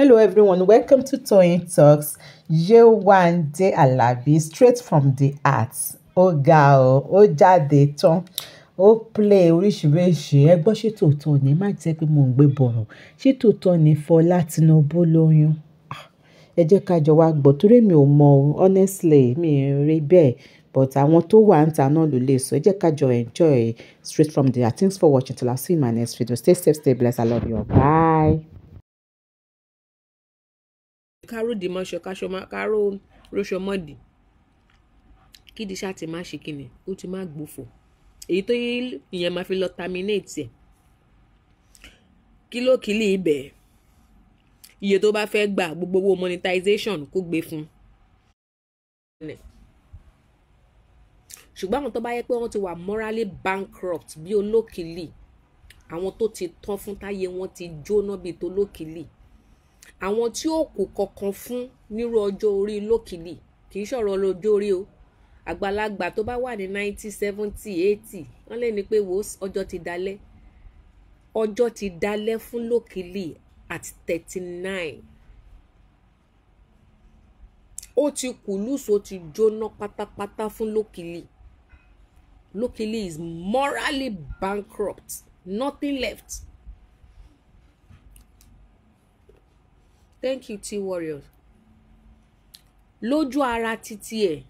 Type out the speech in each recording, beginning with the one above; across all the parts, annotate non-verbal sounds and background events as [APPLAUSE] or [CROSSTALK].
Hello everyone, welcome to Toyeen Talks. Yewande Alabi, straight from the arts. Ó ga o, ó jáde tán. Ó play oríṣiríṣi ẹgbọ́n ṣé tòótọ́ ni má jẹ́ pé mò ń gbé bọ̀rọ̀. Ṣé tòótọ́ ni Fọlá Tinubu lóyún? Ah, ẹ jẹ́ ká jọ wá gbọ́ torí mi ò mọ̀ honestly mi ò rí bẹ́ẹ̀ but àwọn tó wà ń ta náà ló lè sọ ẹ jẹ́ ká jọ enjoy straight from the heart. Thanks for watching till I see you in my next video. Stay safe, stay blessed. I love you. all. Bye. káró dìmọ̀ṣọ káró rọṣọmọ́dì kídi ṣáà ti má ṣe kíni ó ti má gbófò èyí tó yẹ ìyẹn máa fi lọ terminate ẹ̀ kílò kílì ibẹ̀ iye tó bá fẹ́ gbà gbogbo owó monetization kó gbé fún ṣùgbọ́n àwọn tó bá yẹ pé wọ́n ti wà morally bankrupt bí olókìlì àwọn tó ti tán fún táyé wọn ti jóná bíi tolókìlì àwọn tí ó kù kankan fún nírú ọjọ́ orí lókìlì kì í ṣọ̀rọ̀ lọ́jọ́ orí o àgbàlagbà tó bá wà ní ninety seventy eighty wọ́n lè ní pé wo ọjọ́ ti dalẹ̀ ọjọ́ ti dalẹ̀ fún lókìlì at thirty nine ó ti kù lùsọ ti jóná pátápátá fún lókìlì lókìlì is morally bankrupt nothing left. thank you Tea Warriors lójú ara títí ẹ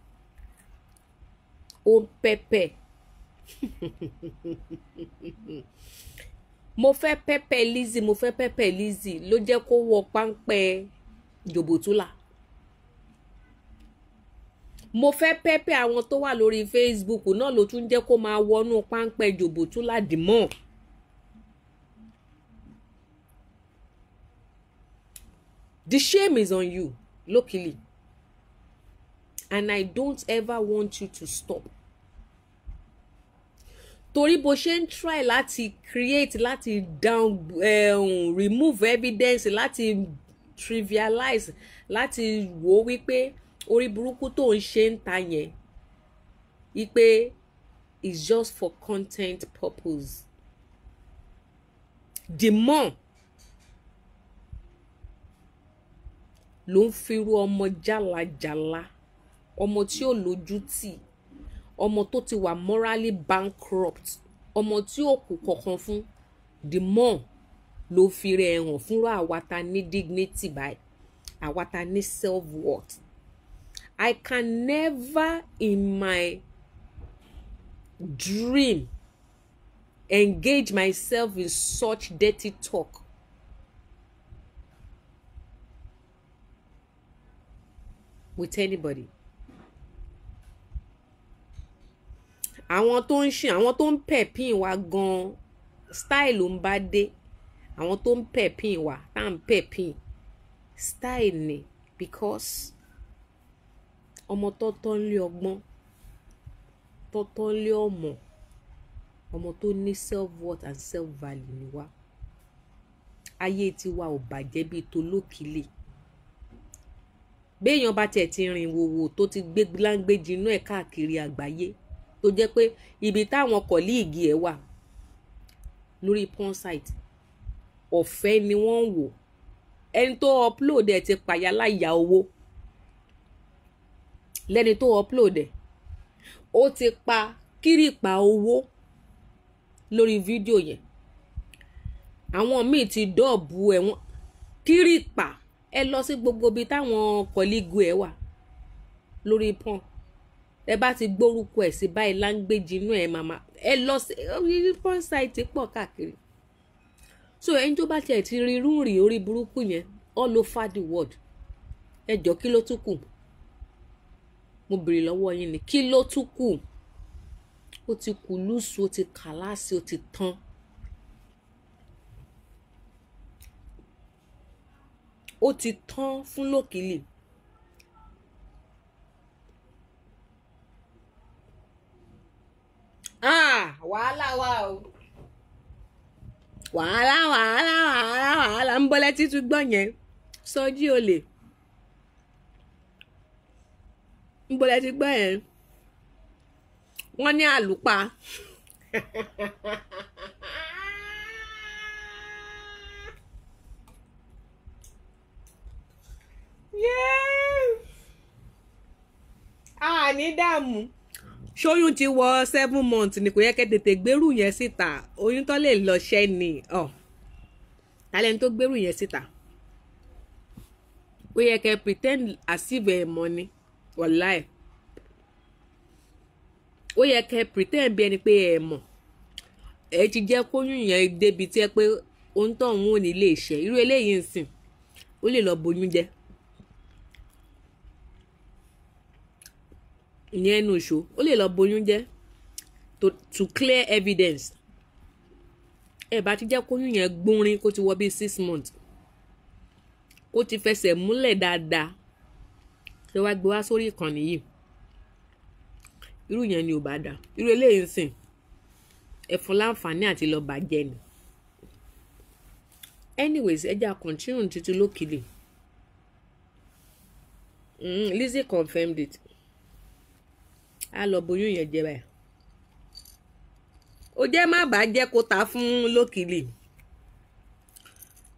o ń pẹpẹ [LAUGHS] mo fẹ́ pẹpẹ Lizzy mo fẹ́ pẹpẹ Lizzy ló jẹ́ kó wọ páńpẹ́ jòbótúlà mo fẹ́ pẹpẹ àwọn tó wà lórí Facebook náà ló tún jẹ́ kó máa wọnú páńpẹ́ jòbótúlà dìmọ. The shame is on you, luckily. And I don't ever want you to stop. Torí bó ṣe ń try láti create láti down um, remove evidence láti trivialize láti wò ó wípé orí burúkú tó ń ṣe ń ta yẹn wípé it's just for content purpose. The more ló ń firú ọmọ jálajàla ọmọ tí ò lójú tì ọmọ tó ti wà morally bankrupt ọmọ tí ò kù kankan fún the more ló fi rẹ̀ hàn fúnra àwa ta ní dignity by, àwa ta ní self worth I can never in my dream engage myself in such dirty talk with anybody. àwọn tó ń ṣìn àwọn tó ń pẹ̀pìn wa gan-an style ló ń bá dé àwọn tó ń pẹ̀pìn wa tá à ń pẹ̀pìn style ni because ọmọ tọ́tọ́ ń lé ọgbọ́n tọ́tọ́ ń lé ọmọ ọmọ tó ní self worth and self value ni wá ayé tiwa ò bàjẹ́ bíi tolókìlì béèyàn bá tiẹ̀ ti rìn wòwò tó ti gbé láńgbèjì inú ẹ̀ káàkiri àgbáyé tó jẹ́ pé ibi táwọn kọ̀líìgì ẹ̀ wà lórí porn site ọ̀fẹ́ ni wọ́n ń wò ẹni tó upload ẹ̀ ti pàyà láyà owó lẹ́ni tó upload ẹ̀ ó ti pa kírìpà owó lórí fídíò yẹn àwọn míì ti dọ́ọ̀bù ẹ̀ wọ́n kírìpà ẹ lọ sí gbogbo ibi táwọn kọ̀lígù ẹ̀ wà lórí pọ́n ẹ bá ti gbórúkọ ẹ̀ sí báyìí láńgbèjì inú ẹ̀ màmá ẹ lọ sí pọ́n ṣáìtì pọ̀ káàkiri so ẹni tó bá tiẹ̀ ti rí irú rìn orí burúkú yẹn all over the world ẹ jọ kí ló tún kù mo bèrè lọ́wọ́ yín ni kí ló tún kù ó ti kù lùsù ó ti kàláàsì ó ti tán. ó ti tán fún lòkìlì ah wàhálà wa o wàhálà wàhálà wàhálà wàhálà ń bọ́lẹ́ títún gbọ́n yẹn sọjí olè ń bọ́lẹ́ ti gbọ́n yẹn wọ́n ní àlùpà [LAUGHS] ní dààmú ṣóyún ti wọ seven months ni kò yẹ kẹ́ tètè gbérù yẹn síta oyún tó lè lọ ṣẹ́ ni ọ̀ tálẹ́ni tó gbérù yẹn síta ó yẹ kẹ́ pretend àsìbẹ̀ ẹ̀ mọ́ ni wọ̀lá ẹ̀ ó yẹ kẹ́ pretend bí ẹni pé ẹ̀ mọ̀ ẹ ti jẹ́ kóyún yẹn débi tí ẹ pé ohun tó ń wò ní ilé iṣẹ́ irú eléyìí ń sìn ó lè lọ bóyún jẹ́ ìyẹn ẹnu ìṣó ó lè lọ boyún jẹ́ to to clear evidence ẹ bá ti jẹ́ kóyún yẹn gbórin kó ti wọ bíi six months kó ti fẹsẹ̀ múlẹ̀ dáadáa ṣé wàá gbé wá sórí ìkànnì yìí irú yẹn ni ò bá dà irú eléyìí ń sìn ẹ fún láǹfààní àti lọ bàjẹ́ ni anyways ẹja continue títí lókìlì mm, Lizzy confirmed it á lọ boyún yẹn jẹ báyìí o jẹ́ má bàá jẹ́ kó ta fún lókìlì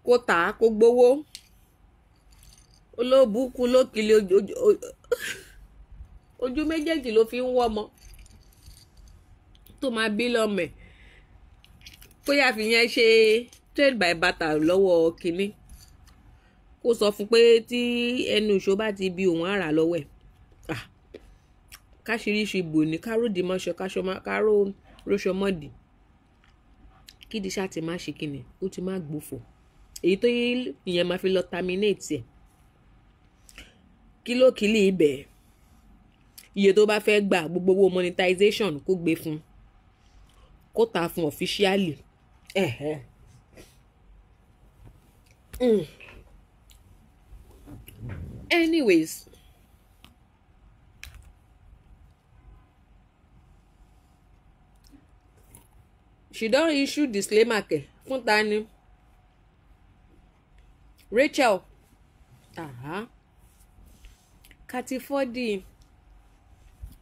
kó ta kó gbowó olóòbùkún lókìlì ojú méjèèjì ló fi ń wọ́mọ tó máa bí lọ́mọ ẹ̀ kóyà fi yẹn ṣe trade by barter lọ́wọ́ kínní kó sọ fún pé tí ẹnu ìṣó bá ti bi òun á rà lọ́wọ́ ẹ̀ káṣíríṣi bò ní káròdì mọ́ṣọ káró róṣọ mọ́dì kídi ṣáà ti má ṣe kíni ó ti má gbófò èyí tó yí ìyẹn máa fi lọ terminate ẹ̀ kílò kílì ibẹ̀ iye tó bá fẹ́ gbà gbogbo owó monetization kó gbé fún kó ta fún officially hmm. anyways she don issue disclaimer kẹ fún ta ni Rachel uh-huh. Kati Fodi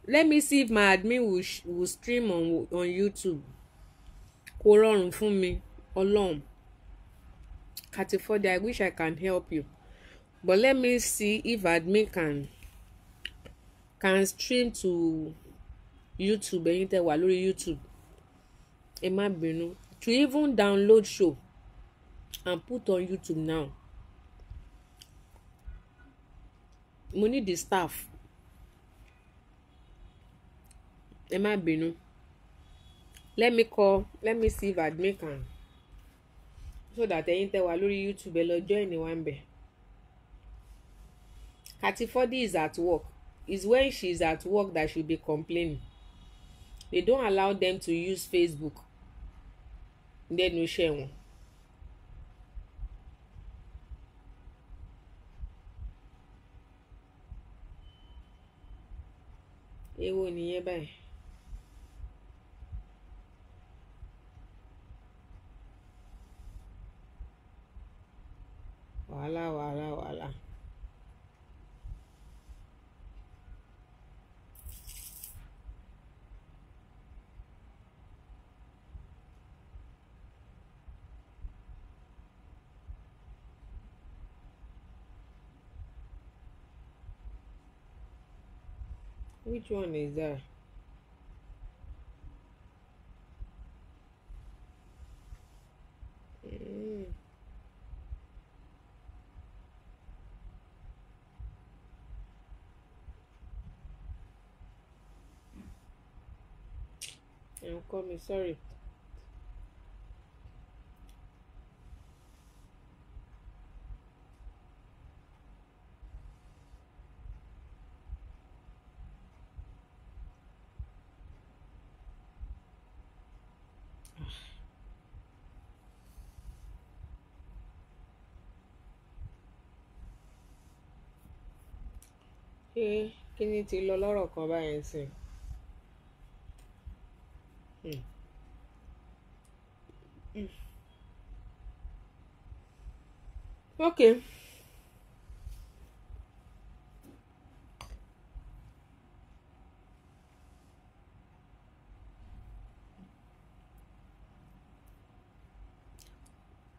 let me see if my admin will, will stream on, on YouTube kò rọrùn fún mi Ọlọ́run Kati Fodi I wish I can help you but let me see if admin can can stream to YouTube ẹ̀yin te wà lórí YouTube Emma Bruno, bínú to even download show and put on YouTube now mo need the staff ẹ má bínú let me call let me see if admin can so that ẹ̀yin tẹ́ wà lórí YouTube ẹ lọ join wa ń bẹ katifodi is at work is when she is at work that she be complaining they don't allow them to use Facebook lẹ́nu iṣẹ́ wọn. èwo nìyẹn báyìí. wàhálà wàhálà wàhálà. Which one is that? Mm. And call me sorry. pé kíní ti lọ lọ́rọ̀ kan báyẹn sìn hmm. Hmm. ok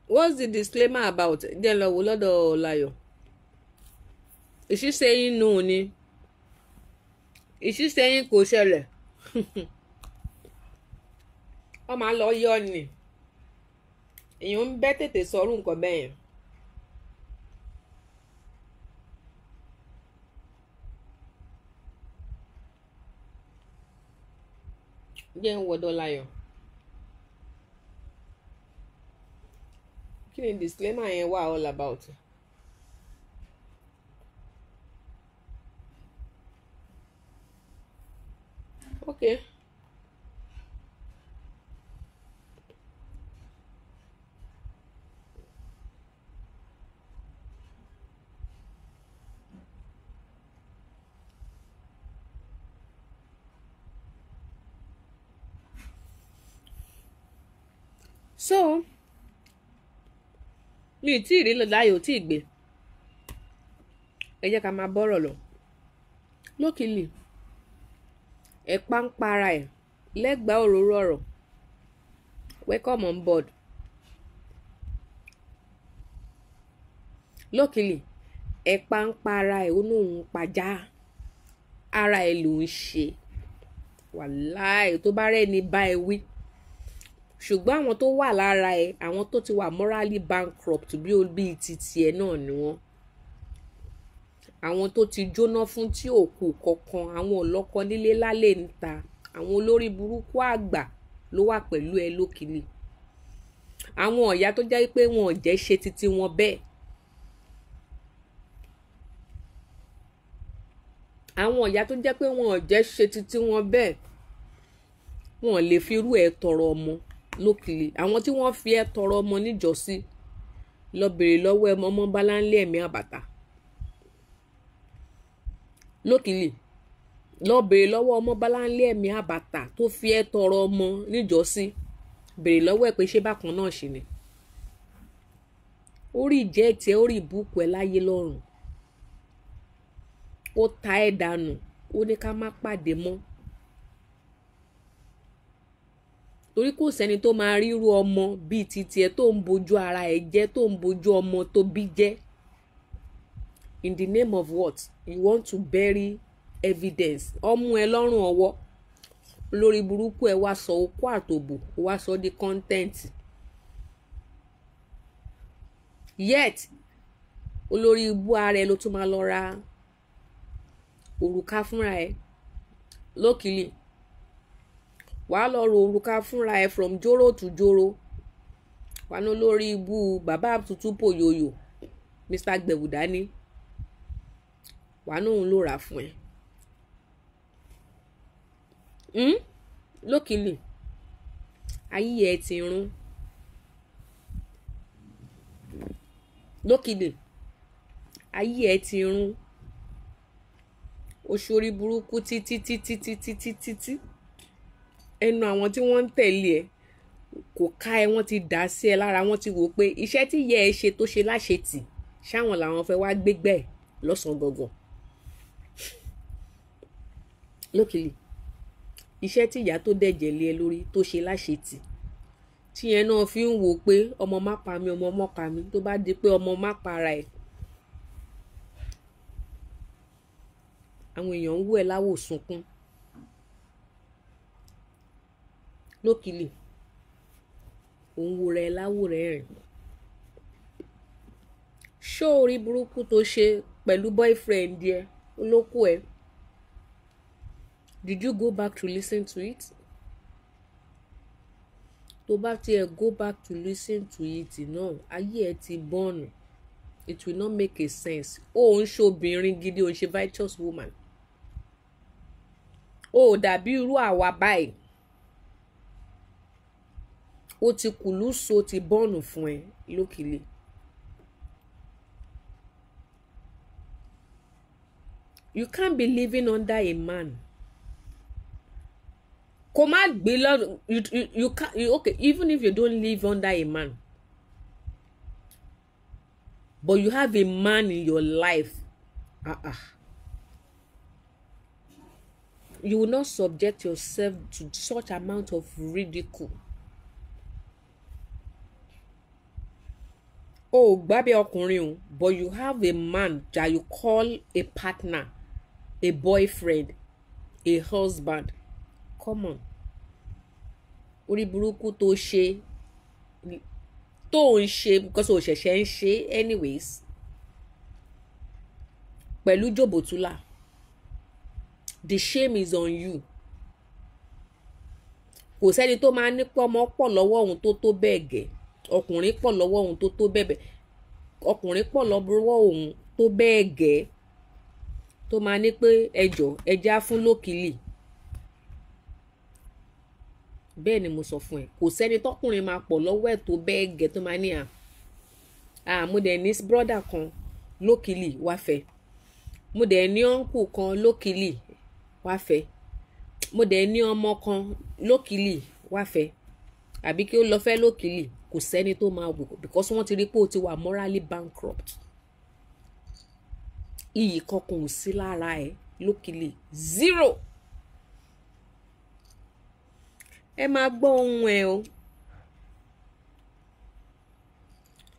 what's the disclaimer about jẹ́ lọ wò lọ́dọ̀ Ọláyọ̀. Is she saying no ni? Is she saying kò ṣẹlẹ̀? Wọ́n [LAUGHS] máa lọ yọ ni. Èèyàn ń bẹ́ tètè sọ̀rọ̀ nǹkan bẹ́ẹ̀ yẹn. jẹ́ ń wọ̀dọ̀ láyọ̀ kí ni disclaimer yẹn wà all about. okay. so mi ì tí ì rí láyò tí ì gbé ẹ jẹ́ ká máa bọ́rọ̀ lọ lókìlì. No ẹ̀pá ń para ẹ̀ lẹ́gbàá òróró ọ̀rọ̀ welcome on board. lókìlì ẹ̀pá ń para ẹ̀ ó lóun pajá ara ẹ̀ ló ń ṣe wàláì tó bá rẹ́ni bá ẹ wí ṣùgbọ́n àwọn tó wà lára ẹ àwọn tó ti wà morally bankrupt bí ó bíi titi ẹ náà ni wọ́n àwọn tó ti jóná fún tí òkú kankan àwọn ọlọ́kọ nílé lálẹ́ ń ta àwọn olórí burúkú àgbà ló wà pẹ̀lú ẹ lókìlì àwọn ọ̀yá tó jẹ́ pé wọn ò jẹ́ ṣe titi wọn bẹ́ẹ̀ àwọn ọ̀yá tó jẹ́ pé wọn ò jẹ́ ṣe titi wọn bẹ́ẹ̀ wọn lè fi irú ẹ tọrọ ọmọ lókìlì àwọn tí wọ́n fi ẹ tọrọ ọmọ níjọ́sí lọ bèrè lọ́wọ́ ẹ mọ́ bá láńlé ẹ̀mí àbàtà lókìlì lọ béèrè lọ́wọ́ ọmọ báláńlé ẹ̀mí àbàtà tó fi ẹ́ tọrọ ọmọ níjọ́sí béèrè lọ́wọ́ ẹ̀ pé ṣé bákan náà ṣì ni orí ìjẹ́ tiẹ̀ orí ìbùkù ẹ̀ láyé lọ́rùn ó ta ẹ̀ dànù ó ní ká má pàdé mọ́ torí kò sẹ́ni tó máa ríru ọmọ bíi titi ẹ̀ tó ń bojú ara ẹ̀ jẹ́ tó ń bojú ọmọ tó bí jẹ́ in the name of what you want to bury evidence ọmú ẹ lọ́rùn ọwọ́ lórí burúkú ẹ wá sọ okó àtòbò wá sọ di content yet olórí ibú ara ẹ ló tún máa lọ ra òrùka fúnra ẹ lókìlì wàá lọ ro òrùka fúnra ẹ from Joro to Joro. wàá ní olórí ibú bàbá tuntun pòyòyò Mr Gbẹ̀wùdání wà á nóun ló rà fún ẹ hmm? lókìlì ayé ẹ ti rún lókìlì ayé ẹ ti rún oṣù orí burúkú títí títí títí títí títí ẹnu àwọn tí wọ́n ń tẹ̀lé ẹ kò ká ẹ wọ́n ti dà sí ẹ lára wọ́n ti wò ó pé iṣẹ́ tí yẹ ẹ ṣe tó ṣe láṣetì ṣáwọn làwọn fẹ́ wá gbégbẹ́ lọ́sàn gangan lókìlì iṣẹ́ tí ìyá tó dẹ̀jẹ̀ lé ẹ lórí tó ṣe láṣetì tí yẹn náà fi ń wò pé ọmọ má pa mi ọmọ má pa mi tó bá di pé ọmọ má para ẹ̀ àwọn èèyàn ń wú ẹ láwò sunkún lókìlì òun wo rẹ láwò rẹ rìn ṣó orí burúkú tó ṣe pẹ̀lú boyfriend ẹ olóko ẹ̀ did you go back to listen to it tó bá tiẹ̀ go back to listen to it náà ayé ẹ ti bọ́ọ̀nù it will not make a sense ó ń ṣobìnrin gidi ó ń ṣe virtuous woman ó dàbí irú àwa báyìí ó ti kùlú so ti bọ́ọ̀nù fún ẹ lókìlì. You can't be living under a man kò má gbé lọ́dún you you can you okay even if you don't live under a man but you have a man in your life ah uh ah -uh. you will not subject yourself to such amount of ridicule. o oh, gbábẹ́ ọkùnrin o but you have a man that you call a partner a boyfriend a husband come on orí burúkú tó ṣe tó ń ṣe because o ṣẹ̀ṣẹ̀ ń ṣe anyways pẹ̀lú jòbótúlà the shame is on you kò sẹ́ni tó máa ní pé ọmọ pọ̀ lọ́wọ́ òun tó tó bẹ́ẹ̀ gẹ̀ ọkùnrin pọ̀ lọ́wọ́ òun tó tó bẹ́ẹ̀ ọkùnrin pọ̀ lọ́wọ́ òun tó bẹ́ẹ̀ gẹ̀ tó máa ní pé ẹjọ́ ẹja fún lókìlì bẹ́ẹ̀ ni mo sọ fún ẹ kò sẹ́ni tọkùnrin máa pọ̀ lọ́wọ́ ẹ̀ tó bẹ́ẹ̀ gẹ̀ tó máa ní à mo dẹ̀ ní brọ́dà kan lókìlì wá fẹ́ mo dẹ̀ ní ọ́nkù kan lókìlì wá fẹ́ mo dẹ̀ ní ọmọ kan lókìlì wá àbí kí ó lọ fẹ́ lókìlì kò sẹ́ni tó máa wù because wọ́n ti rí pé o ti wà morally bankrupt iyì kankan ò sí lára ẹ lókìlì zero ẹ máa gbọ́ ohun ẹ̀ o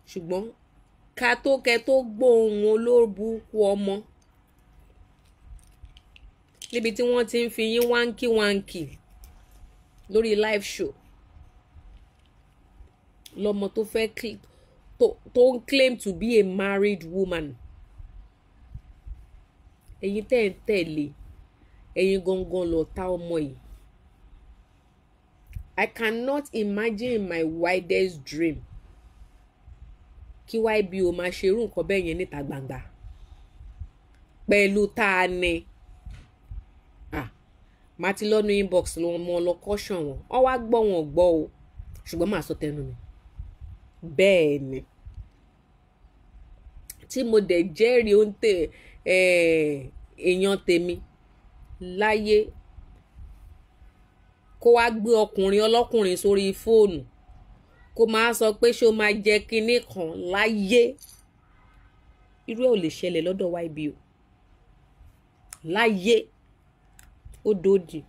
ṣùgbọ́n ká tó kẹ tó gbọ́ ohun olóbùkù ọmọ níbi tí wọ́n ti ń fi yín wáńkíwáńkì lórí live show lọ́mọ tó fẹ́ tó ń claim to be a married woman ẹ̀yin tẹ́ ń tẹ̀lé ẹ̀yin gangan lọ̀tá ọmọ yìí I cannot imagine in my widest dream kí YBO máa ṣerú nǹkan bẹ́ẹ̀ yẹn níta gbangba pẹ̀lú tá a ní ah, màá ti lọ́nu inbox mo lọ kọ́ṣọ̀ wọn ọ wá gbọ́ wọn gbọ́ o ṣùgbọ́n màá sọ tẹnu mi bẹ́ẹ̀ ni tí mo dẹ̀ jẹ́rìí oúnjẹ eh, èèyàn tèmi láyé kó wá gbé ọkùnrin ọlọ́kùnrin sórí fóònù kó máa sọ pé ṣé o máa jẹ kinní kan láyé irú ẹ̀ ò lè ṣẹlẹ̀ lọ́dọ̀ wa ibi o láyé ó dòdì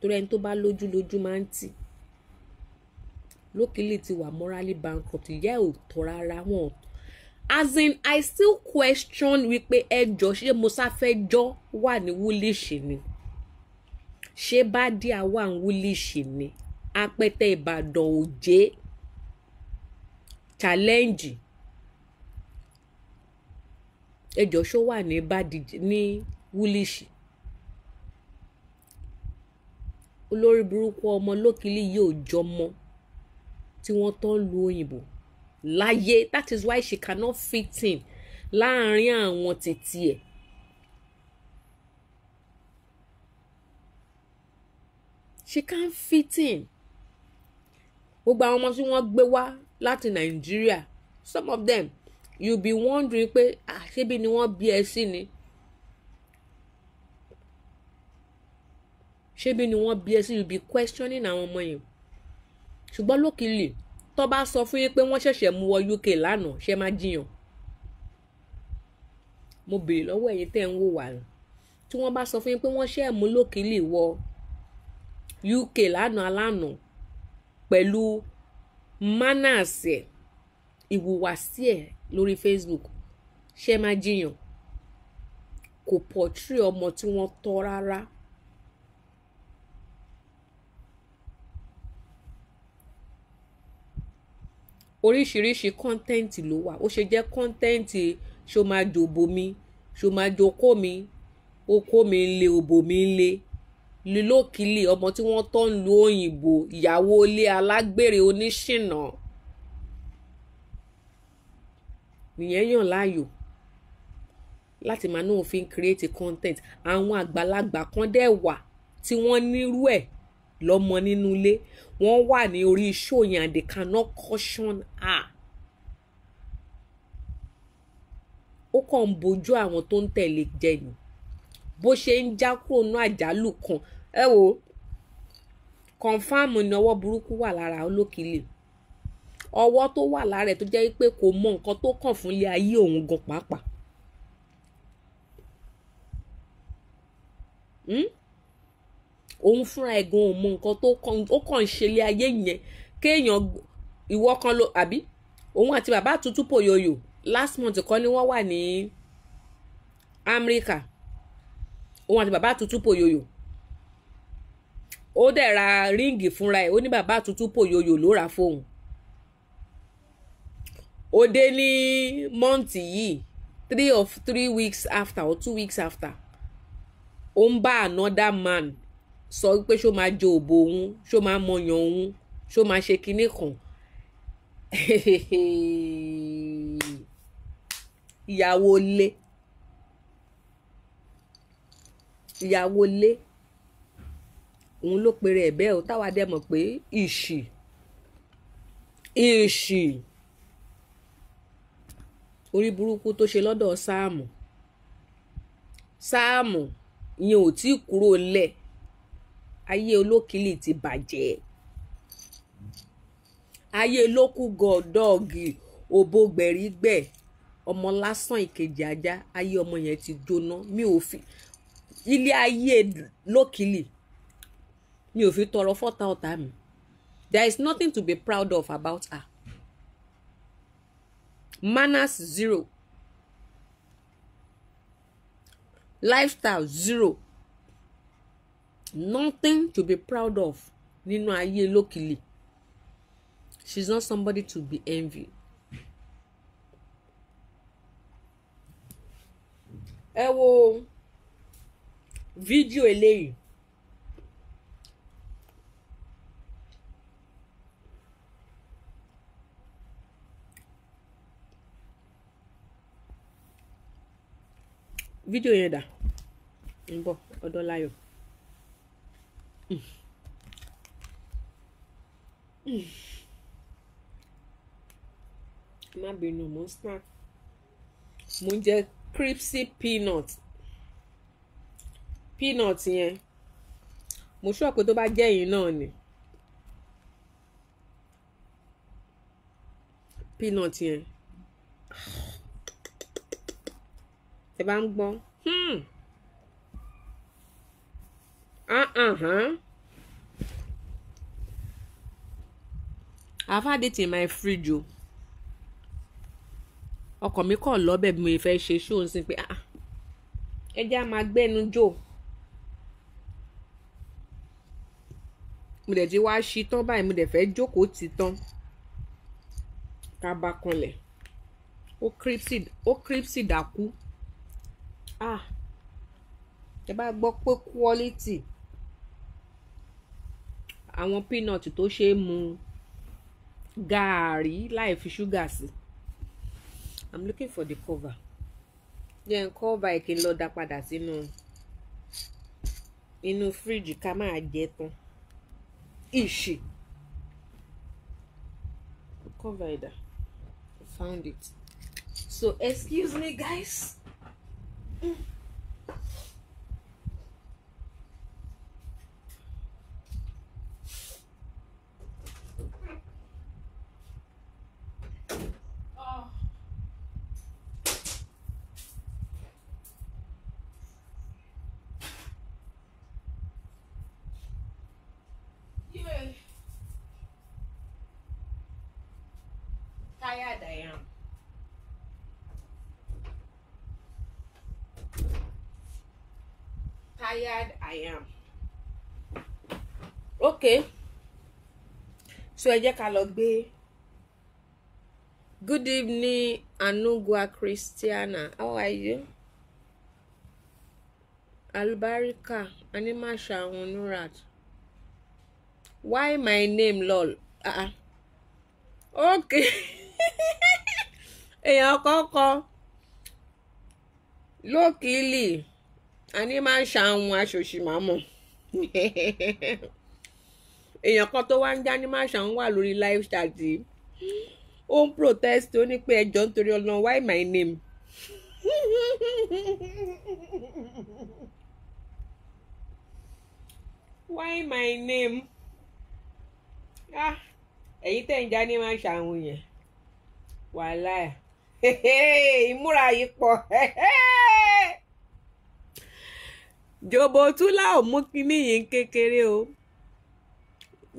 torí ẹni tó bá lójú máa ń tì lókìlì ti wà morally bankrupt ìyá ẹ̀ ò tọ́ rárá wọn as in I still question wípé ẹjọ́ ṣé mo sáfẹ́ jọ́ wà ní wúlíṣì ni. Wule, ṣé bádìí àwa ń wúlíṣì ni apẹtẹ ìbàdàn òjé challenge ẹjọ ṣó wà ní bádìí ní wúlíṣì olórí burúkú ọmọ lókìlì yóò jọmọ tí wọ́n tó ń lu òyìnbó láyé that is why she cannot fit in láàrin àwọn títí ẹ̀ she can't fit in gbogbo àwọn ọmọ tí wọ́n gbé wá láti nàìjíríà some of them you be wondering pé àṣebí ni wọ́n bí ẹ sí ni ṣebí ni wọ́n bí ẹ sí you be questioning àwọn ọmọ yẹn ṣùgbọ́n lókìlì tó bá sọ fún yín pé wọ́n ṣẹ̀ṣẹ̀ mú wọ UK lánàá ṣe máa jiyàn mo béèrè lọ́wọ́ ẹ̀yin tẹ́ ń wò wá tí wọ́n bá sọ fún yín pé wọ́n ṣẹ̀ mú lókìlì wọ UK lánàá lánàá pẹ̀lú manners ẹ̀ ìhùwàsí ẹ̀ lórí Facebook ṣé máa jiyàn kò pọ̀tírì ọmọ tí wọ́n tọ́ rárá. oríṣiríṣi kọ́ńtẹ́ǹtì ló wà ó ṣe jẹ́ kọ́ńtẹ́ǹtì ṣó máa jòbó mi ṣó máa jokó mi okó mi ń le òbò mi ń le lílókìlì ọmọ tí wọ́n tọ́ ń lu òyìnbó ìyàwó ilé alágbèrè oníṣìnà nìyẹn yàn láàyò láti máa náà fi ń create content àwọn àgbàlagbà kan dẹ̀ wà tí wọ́n nírú ẹ̀ lọ́mọ nínú ilé wọ́n wà ní orí show yẹn and they cannot caution her. ó kàn ń bojú àwọn tó ń tẹ̀lé jẹ ni bó ṣe ń já kúrò ní àjálù kan ẹ wo kọ̀ǹfàmù ni ọwọ́ burúkú wà lára olókìlì ọwọ́ tó wà lára ẹ̀ tó jẹ́ pé kò mọ nǹkan tó kàn fún ilé ayé òun gan pàápàá. Hmm? òun fúnra ẹ̀ gan ò mọ nǹkan tó kàn ń ṣe ilé ayé yẹn kéèyàn ìwọ kan ló àbí òun àti bàbá àtútù pòyòyò last month kan ni wọ́n wà ní Amẹ́ríkà òun àti bàbá àtútù pòyòyò ó dẹ̀ ra ríǹgì fúnra ẹ̀ ó ní bàbá àtúntú pòyoyò ló rà fóun ó dé ní mọ́ǹtì yìí three of three weeks after or two weeks after ó ń bá another man sọ pé ṣó máa jẹ òbò òun ṣó máa mọyàn òun ṣó máa ṣe kinní kan [LAUGHS] ìyàwó lé ìyàwó lé òun ló pèrè ẹ̀ bẹ́ẹ̀ o táwa dẹ̀ mọ̀ pé ìṣì ìṣì orí burúkú tó ṣe lọ́dọ̀ sáàmù sáàmù ìyẹn ò tí kúrò lẹ̀ ayé olókìlì ti bàjẹ́ ayé lókù gọ̀ọ́dọ́ọ̀gì òbógbẹ̀rígbẹ̀ ọmọ lásán ìkejì ajá ayé ọmọ yẹn ti jóná mi ò fi ilé ayé lókìlì mi ò fi tọrọ fọ́ta ọ̀tá mi there is nothing to be proud of about her manners zero lifestyle zero nothing to be proud of nínú ayé lókìlì she is not somebody to be envied. ẹ wo fídíò eléyìí fídíò yẹn dà ń bọ̀ ọdọ́láyọ̀ má bínú mo ń snack mo ń jẹ crispy peanut peanut yẹn mo sọ pé tó bá jẹ́ yìí náà ni peanut yẹn tẹ́ bá ń gbọ́ hmm. I've had it in my fridge o ọkọ mi kàn lọ́bẹ̀ bí mo fẹ́ ṣe ṣóò ń sìn pé ah, ẹ jẹ́ á máa gbẹ́nu jò mo dẹ̀ ti wá ṣí tán báyìí mo dẹ̀ fẹ́ jókòó tì tán ká bá kanlẹ̀ ó kírípsì ó kírípsì dákú ah tẹ bá gbọ́ pé quality àwọn peanut tó ṣe é mu gaari láì fi ṣúgà sí i'm looking for the cover jẹ́ n cover ẹ̀ kí n lọ dá padà sínú inú fíríjì ká máa jẹ tán ìṣì cover ẹ̀ dà found it so excuse me guys. Mm. tired I am. Okay. So ẹ jẹ́ ká lọ gbé. Good evening, Anugua Christiana. How are you? Albarika Animasha Onurat. Why my name lol? Uh-uh. Okay. [LAUGHS] Èèyàn kọ́kọ́. Lókìlì àní máa ń ṣàwọn aṣòṣì máa mọ̀ [LAUGHS] èèyàn kan tó wá ń já ní máa ṣàwọn wà lórí lifestyle tí ó ń protest ó ní pé ẹjọ́ nítorí ọlọ́run why my name [LAUGHS] why my name ah èyí tẹ̀ ń já ní máa ṣàwọn yẹn wàhálà [LAUGHS] ìmúra yìí pọ̀ jòbó túlá ò mú kíní yìí kékeré o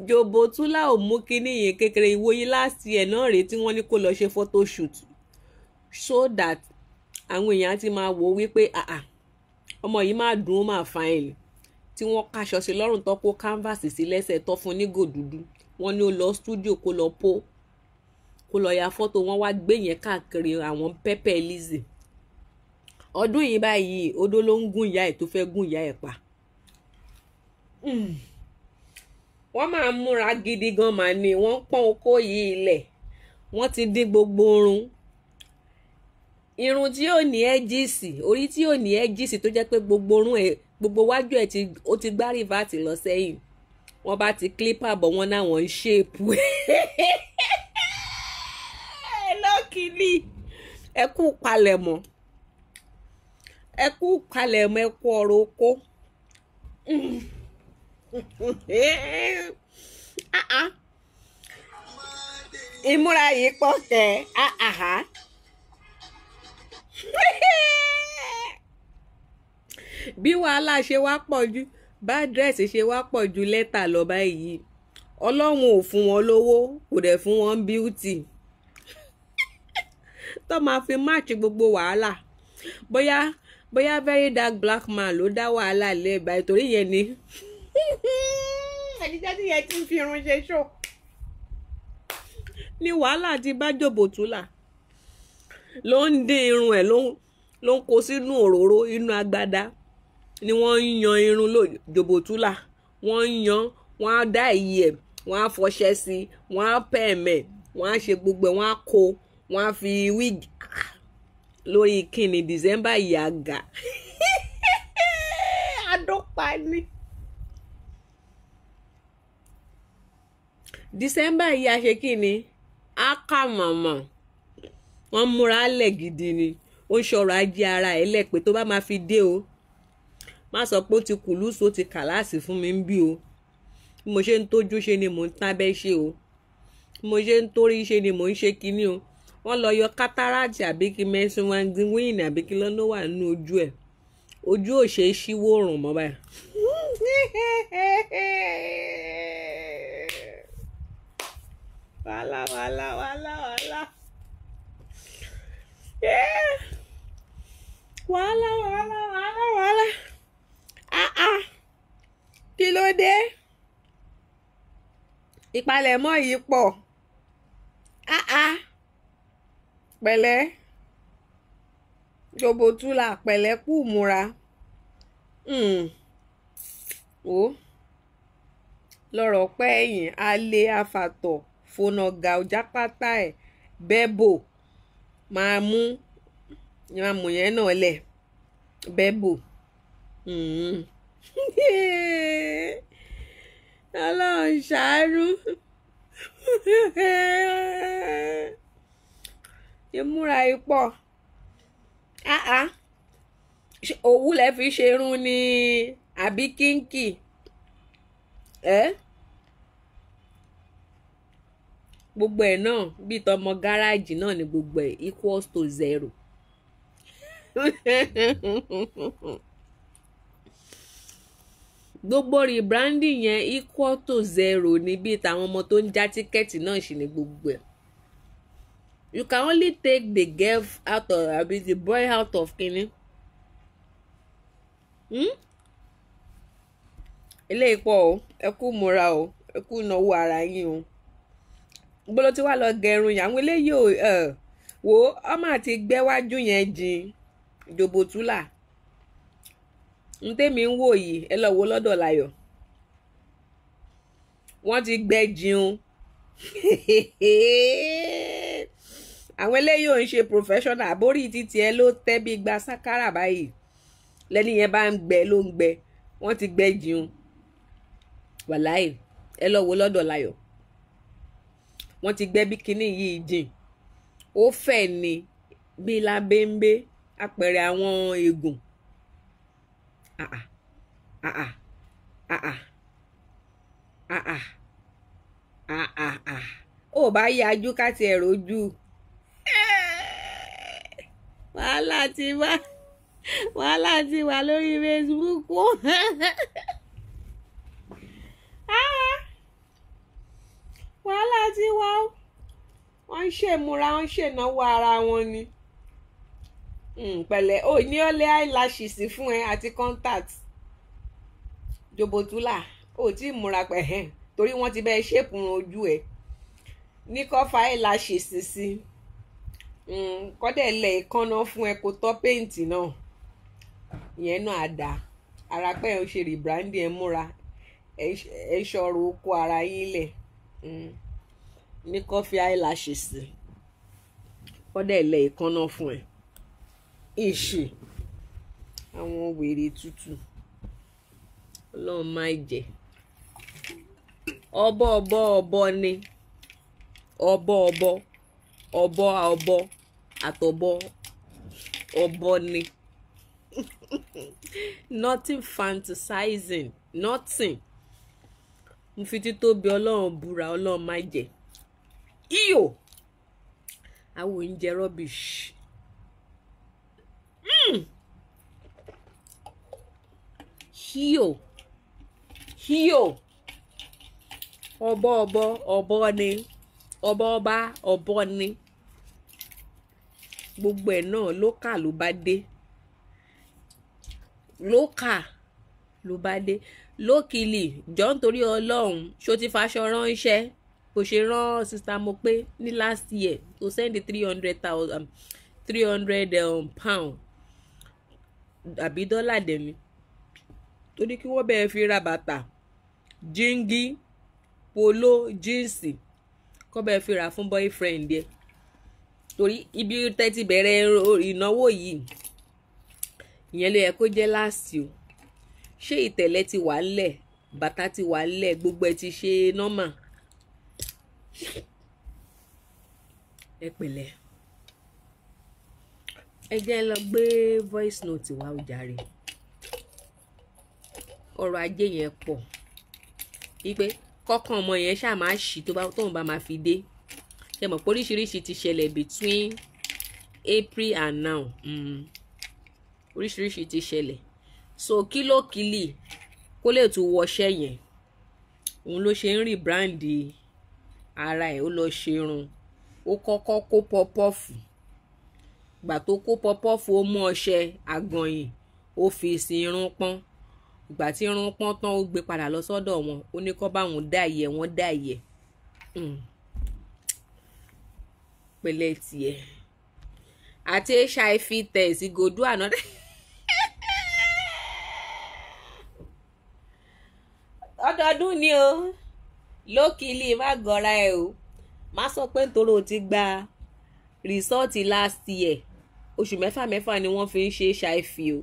jòbó túlá ò mú kíní yìí kékeré ìwòye láti ẹ̀ náà rèé tí wọ́n ní kó lọ ṣe photoshoot so that àwọn èèyàn ti máa wò ó wípé àà ọmọ yìí máa dùn ó máa fine tí wọ́n kaṣọ sí lọ́rùn tó kó canvas sí lẹ́sẹ̀ tó fún ní gò dúdú wọ́n ní ó lọ studio kó lọ po kó lọ ya fọ́tò wọ́n wá gbé yẹn káàkiri àwọn pẹ́pẹ́ Lizzie ọdún yìí báyìí odó ló ń gún ìyá ẹ̀ tó fẹ́ gún ìyá ẹ̀ pa. Hmm. wọ́n máa ń múra gidi gan mà ní wọ́n ń pọ́n okó yìí ilẹ̀ wọ́n ti dín gbogbo irun irun tí ò ní ẹ́gíìsì orí tí ò ní ẹ́gíìsì tó jẹ́ pé gbogbo irun ẹ̀ gbogbo wájú ẹ̀ ti ó ti gbá rìvátì lọ sẹ́yìn wọ́n bá ti clipper bọ̀ wọ́n náà wọ́n ń ṣèpù ẹ̀ [LAUGHS] lọ́kìlì ẹ kú palẹ̀mọ́ ẹ kú kalẹ̀ mọ́ ẹ kú ọ̀rọ̀ oko ìmúra yìí pọ̀ tẹ̀ áhà bí wàhálà ṣe wá pọ̀ jù bá dírẹ́sì ṣe wá pọ̀ jù lẹ́tà lọ báyìí ọlọ́run ò fún wọn lówó kò dẹ̀ fún wọn bíútì tó máa fi máàcì gbogbo wàhálà bóyá bóyá very dark black man ló dá wàhálà lẹ́ẹ̀bà e ìtòrí yẹn ni àdìjáde [LAUGHS] yẹn ti ń fi irun ṣe ṣó. ni wàhálà ti bá jòbòtúlà ló ń dín irun ẹ̀ ló ń kó sínú òróró inú agbada ni wọ́n ń yan irun ló jòbòtúlà wọ́n ń yan wọ́n á dá èyí ẹ̀ wọ́n á fọṣẹ́ sí i wọ́n á pẹ̀mẹ̀ wọ́n á ṣe gbogbo ẹ̀ wọ́n á kó wọ́n á fi wíìgì lórí kíni December ìyàgà adọ́pa [LAUGHS] ni. December yìí a ṣe kíni a kà mọ̀mọ̀ wọ́n múra lẹ̀ gidi ni ó ń ṣọ̀rọ̀ ajé ara ẹ̀ lẹ́pẹ́ tó bá máa fi dé o má sọ pé ó ti kùlùsù ó ti kàláàsì fún mi ń bí o bí mo ṣe ń tójú ṣe ni mò ń tábẹ́ ṣe o bí mo ṣe ń torí ṣe ni mò ń ṣe kinní o wọ́n lọ yọ kátàràtì àbí kí mẹ́sìn wọn gbin wíìnì àbí kí lọ́nà wà nínú ojú ẹ̀ ojú ò ṣe é ṣíwó òrùn mọ́ báyìí. wàhálà wàhálà wàhálà wàhálà wàhálà wàhálà wàhálà wàhálà ah ah kí ló dé ìpalẹ̀mọ́ yìí pọ̀ ah ah. pẹ̀lẹ́ jòbótúlà pẹ̀lẹ́ kú múra Lọrọ hmm. lọ́rọ̀ ale ẹ̀yìn fonaga afàtọ̀ fọnàgà ọ̀jápátá ẹ̀ bẹ́bò máa mú máa mú yẹn náà [LAUGHS] [LAUGHS] ìmúra ipò áá òwú lẹ fi ṣerun ni àbí kínkì ẹ gbogbo ẹ náà bíi tọmọ gáràjì náà ni gbogbo ẹ equals to zero gbogbo rebranding yẹn equals to zero ni bíi tàwọn ọmọ tó ń já tíkẹ́ẹ̀tì náà ṣì ni gbogbo ẹ̀ you can only take the girl out of i mean the boy out of kini hmm? ilé ipò o ẹ kú múra o ẹ náwó ara yín o gbọ́dọ̀ tí wàá lọ gẹrun yà àwọn eléyìí ò wò ó ọmọ àti gbẹ́wájú yẹn jin jòbótúlà n tèmi ń wò yìí ẹ lọ wo lọ́dọ̀ láyọ̀ wọ́n ti gbẹ́ jin o. [LAUGHS] àwọn eléyìí ò ń ṣe professional àbórí títí ẹ ló tẹ́ bí gba sákàrà báyìí lẹ́ni yẹn bá ń gbẹ ló ń gbẹ wọ́n ti gbẹ jìun wàláì ẹ lọ wo lọ́dọ̀ láyọ̀ wọ́n ti gbẹ bí kinní yìí jìn ó fẹ̀ ni bí lábẹ́ńbẹ́ àpẹẹrẹ àwọn eegun àà àà àà àà àà àà ó bá yájú ká ti ẹ̀rọ ojú wàhálà ti wá wàhálà ti wà lórí Facebook wàhálà ti wá wọ́n ń ṣèmúra wọ́n ń ṣènáwó ara wọn ni hmm, pẹ̀lẹ́ ò ní ọ̀lẹ́ eyelashes fún ẹ àti contact jòbótúlà ò tí ì múra pẹ̀hẹ́n torí wọ́n ti bẹ́ẹ̀ ṣépùn ojú ẹ̀ ní kọ́fà eyelashes sí i. Mm, kọ́dẹ̀ lẹ ìkànnà fún ẹ kó tọ́ péǹtì náà ìyẹn náà á dáa ara pé ẹ ń ṣe rìbrandì ẹ múra ẹ ṣọrọ oko ara yín lẹ̀ mm. ní kọfí eyelashes kọ́dẹ̀ lẹ ìkànnà fún ẹ ìṣe àwọn wèrè tútù ọlọ́run máa jẹ ọbọ̀ ọbọ̀ ọbọ̀ ni ọbọ̀ ọbọ̀ ọbọ̀ ọbọ̀. atọbọ ọbọ ni nothing fantasizing nothing mo tobi títóbi ọlọ́run búra ọlọ́run má jẹ iyo àwọn oúnjẹ rubbish mm. iyo iyo ọbọ ọ̀bọ ọ̀bọ ni ọ̀bọ ọba ni. gbogbo ẹ̀ náà ló kà ló bá dé ló kà ló bá dé lókìlì jọ nítorí ọlọ́run ṣó ti faṣọ ránṣẹ́ kò ṣe rán sista mo pé ní last year send the three hundred thousand um, three hundred um, pound àbí dọ́là dẹ̀mí tó ní kí wọ́n bẹ̀rẹ̀ fi ra bàtà jíngí polo jíǹsì kọ́ bẹ̀rẹ̀ fi rà fún boyfriend yẹn torí ibi tẹ́ ti bẹ̀rẹ̀ ìnáwó yìí ìyẹn ló yẹ kó jẹ́ láàsì o ṣé ìtẹ̀lẹ̀ ti wà ńlẹ̀ bàtà ti wà ńlẹ̀ gbogbo ẹ̀ ti ṣe nọ́mà ẹ pẹ̀lẹ́ ẹ jẹ́ lọ gbé voice note wá o jàre ọrọ̀ ajé yẹn pọ̀ wípé kọ́kàn ọmọ yẹn ṣáà máa ṣì tó bá tóun bá máa fi dé ṣe mọ̀ pé oríṣiríṣi ti ṣẹlẹ̀ between April and now mm. oríṣiríṣi ti ṣẹlẹ̀ so kí ló kìlì kó lè tún wọṣẹ́ yẹn òun ló ṣe ń rí bíráǹdì ara ẹ̀ ó lọ ṣerun ó kọ́kọ́ kó pọ́pọ́ọ̀fù gbà tó kó pọ́pọ́ọ̀fù ó mú ọṣẹ àgànyìn ó fi sí irun pọ́n ìgbà tí irun pọ́n tán ó gbé padà lọ sọ́dọ̀ wọn ó ní kó bá wọn dá ìyẹ́ wọn dá ìyẹ́ mm pẹ̀lẹ́ tiẹ̀ àti hiv test go do another. ọdọọdún ni o lókìlì má gọra ẹ o má sọ pé nítorí o ti gba rìsọ́ọ̀tì last year oṣù mẹ́fà mẹ́fà ni wọ́n fi ń ṣe hiv o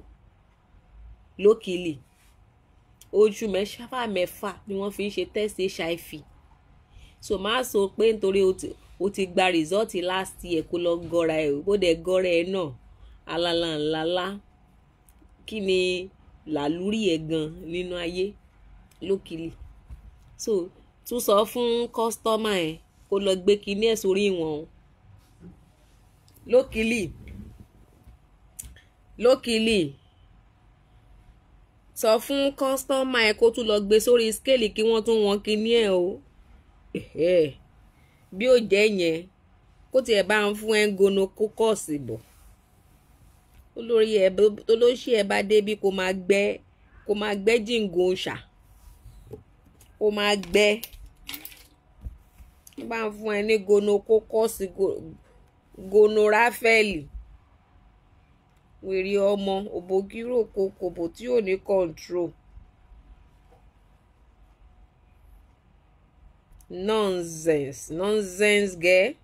lókìlì oṣù mẹ́fà mẹ́fà ni wọ́n fi ń ṣe test hiv so má sọ pé nítorí o ti o ti gba rìsọ́ọ̀tì last year kó lọ gọ́ra ẹ̀ kó dẹ̀ gọ́ra ẹ̀ náà alalanlala kí ni làlúrí ẹ̀ gan nínú ayé lókìlì so tún sọ fún kọ́sítọ́mà ẹ̀ kó lọ gbé kinní ẹ̀ sórí ìwọ̀n o lókìlì lókìlì sọ fún kọ́sítọ́mà ẹ̀ kó tún lọ gbé sórí skéèlì kí wọ́n tún wọn kinní ẹ̀ o bí ó jẹ́ yẹn kó tiẹ̀ bá ń fún ẹngono kókọ́ọ̀sì bọ̀ olórí ẹ tolóṣì ẹ bá débi kó máa gbẹ́ kó máa gbẹ́ jìngò ṣà kó máa gbẹ́ bá ń fún ẹ ní gono kókọ́ọ̀sì gono ráfẹ́lì wèrè ọmọ òbògírò kòkòbò tí ò ní kọ́ńtró. nonsense nonsense girl.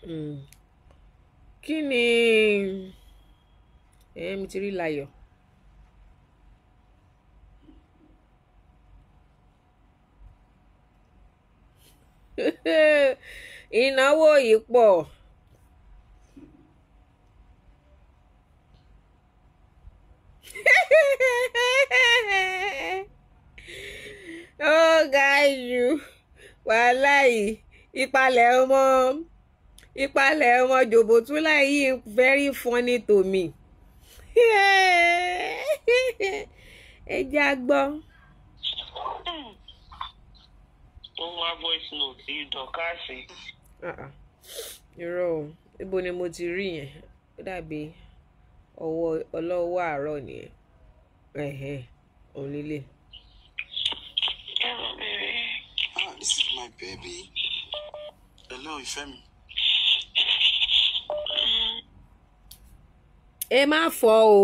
Hmm. kí ni ẹ eh, mi ti rí láyọ̀. [LAUGHS] ìnáwó yìí pọ̀. [LAUGHS] Oh ga you! wàhálà yìí ìpalẹ̀ ọmọ ìpalẹ̀ ọmọ jòbótúlá yìí very funny to me [LAUGHS] ẹ jẹ́ a gbọ́. ó wá voice note yìí dọ̀kásì. Uh-uh. irọ́ o ibo ni mo ti rí yẹn ó dàbí ọwọ́ ọlọ́wọ́ àárọ̀ nìyẹn ẹ̀hẹ̀ onílé. hello baby. ah this is my baby. hello ìfẹ́ mi. ẹ má fọ o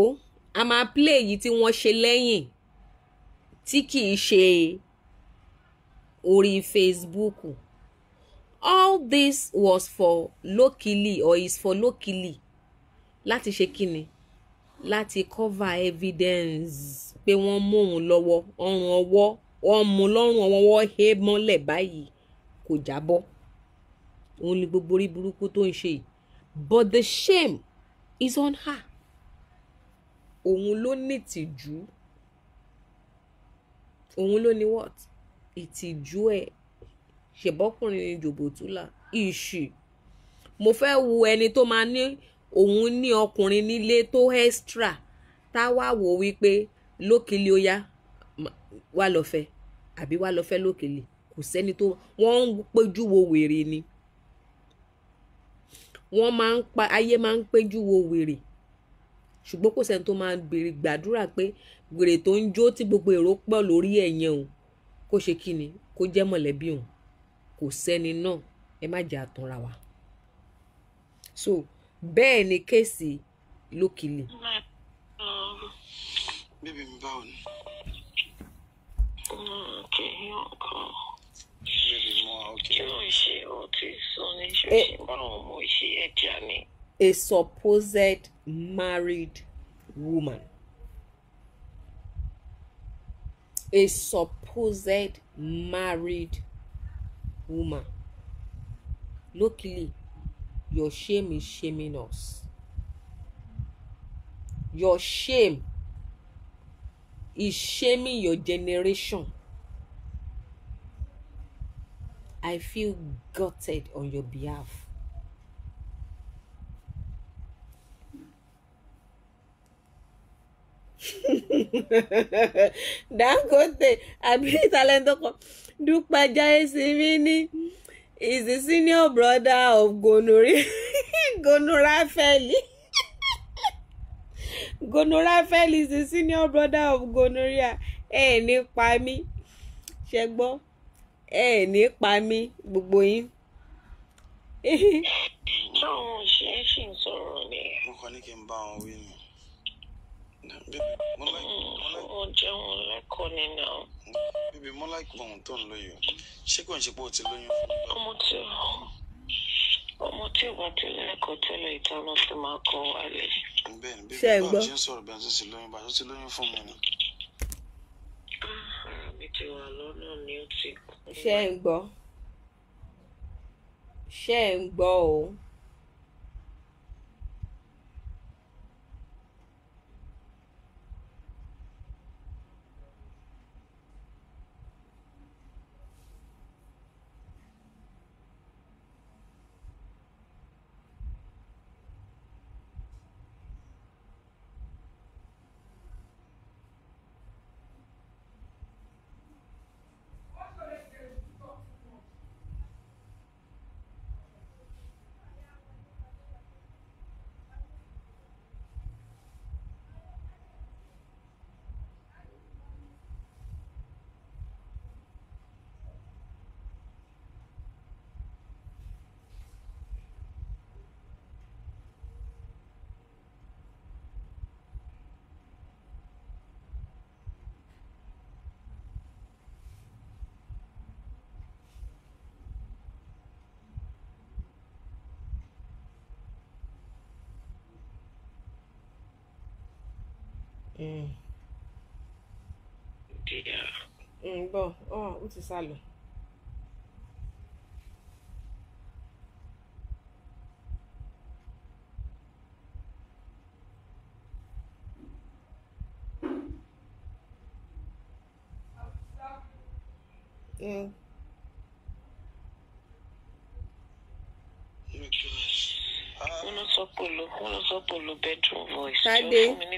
a máa play èyí tí wọ́n ṣe lẹ́yìn tí kì í ṣe orí Facebook all this was for locally or is for locally láti ṣe kí ni láti cover evidence pé wọ́n mú òun lọ́wọ́ ọrùn ọwọ́ wọ́n mú lọ́rùn ọwọ́ wọ́n hé mọ́lẹ̀ báyìí kò jábọ́ òun ni gbogbo orí burúkú tó ń ṣe but the shame is on her òun ló ní ìtìjú òun ló ní what ìtìjú ẹ̀ ṣèbọ́kùnrin ni jòbótúlà ìṣì mo fẹ́ wo ẹni tó máa ní. Ni òun ní ọkùnrin nílé tó extra táwa wò wípé lókèlè ó yá wà lọ fẹ́ àbí wà lọ fẹ́ lókèlè kò sẹ́ni tó wọ́n ń péjú wo wèrè ni wọ́n máa ń pa ayé máa ń péjú wo wèrè ṣùgbọ́n kò sẹ́ni tó máa béèrè gbàdúrà pé wèrè tó ń jó tí gbogbo èrò pọ̀ lórí ẹ̀yẹn òun kó ṣe kí ni kó jẹ́ mọ̀lẹ́bí òun kò sẹ́ni náà ẹ má jẹ́ àtúnra wa so bẹ́ẹ̀ ni kéèsì lókìlì. Eh. a supposed married woman. a supposed married woman lókìlì. Your shame is shaming us. Your shame is shaming your generation. I feel gutted on your behalf. Dangote [LAUGHS] àbí talẹ́ńtọ́kọ̀ dúpẹ́ jáde sí mi ní is the senior brother of Gonori [LAUGHS] Gonorafeli. [LAUGHS] Gonorafeli is the senior brother of gonorrhea. Ẹ ní pa mí. Ṣé gbọ́? Ẹ ní pa mí gbogbo yín. Ṣé òun ń sọ̀rọ̀ ni? Mo kàn ní kí n bá wọn wí ni ó jẹun lẹ́kọ̀ọ́ ni náà. bíbí mo láì pọ̀ ohun tó ń lò yìí ṣé kò ń ṣe pé o ti lóyún fún mi. ọmọ tí ọmọ tí ò bá ti lẹ́kọ̀ọ́ tẹ́lẹ̀ ìtàn fi máa kọ́ wálé. bẹ́ẹ̀ni bíbí báwo ṣe ń sọ̀rọ̀ bí a ti lóyún bá a ti lóyún fún mi ni. mi ti wà lọ́nà ni ó ti kú. ṣé ń gbọ́ ṣé ń gbọ́ o. gbọ́ mm. mm, ọ ó ti sá mm. lọ. Yeah. Tade.